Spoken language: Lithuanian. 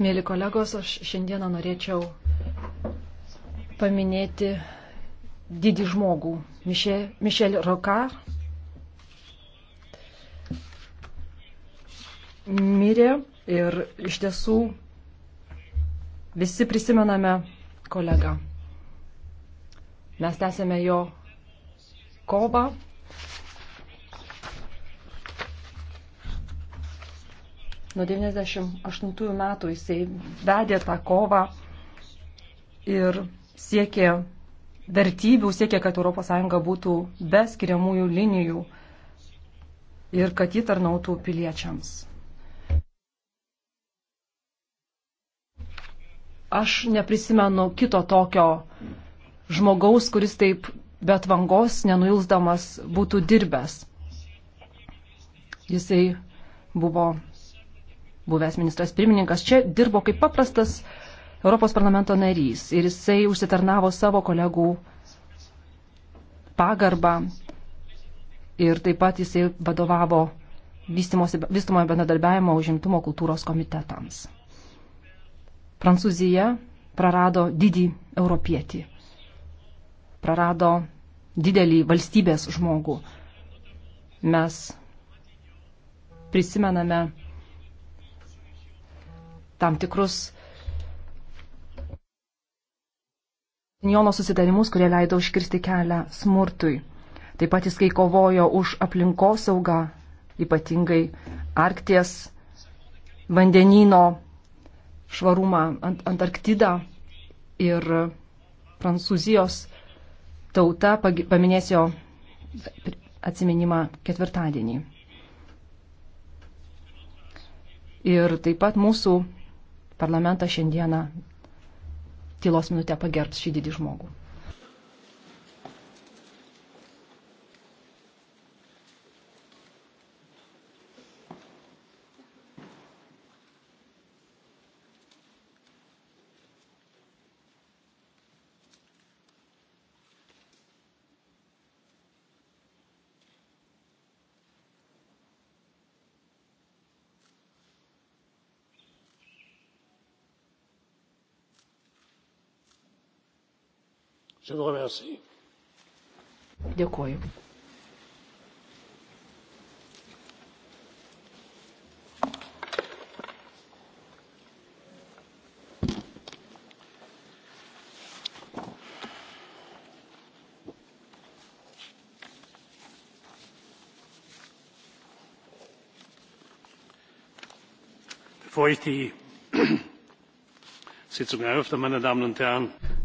Mėly kolegos, aš šiandieną norėčiau paminėti didį žmogų, Mišel Roka. Mirė ir iš tiesų visi prisimename kolegą. Mes tęsėme jo kovą Nuo 98 metų jisai vedė tą kovą ir siekė vertybių, siekė, kad ES būtų be skiriamųjų linijų ir kad ji tarnautų piliečiams. Aš neprisimenu kito tokio žmogaus, kuris taip bet vangos, nenuilsdamas būtų dirbęs. Jisai buvo buvęs ministras pirmininkas, čia dirbo kaip paprastas Europos parlamento narys ir jisai užsitarnavo savo kolegų pagarbą ir taip pat jisai vadovavo vystumojo bendradarbiavimo užimtumo kultūros komitetams. Prancūzija prarado didį europietį, prarado didelį valstybės žmogų. Mes prisimename tam tikrus Jono susitarimus, kurie leido užkirsti kelią smurtui. Taip pat jis, kai kovojo už aplinkosaugą, ypatingai Arkties vandenyno švarumą ant Antarktidą ir Prancūzijos tauta paminės jo atsiminimą ketvirtadienį. Ir taip pat mūsų parlamentas šiandieną tylos minutę pagerbs šį didį žmogų Dėkuoju. bevor ich die sitzung eröffne meine damen und herren!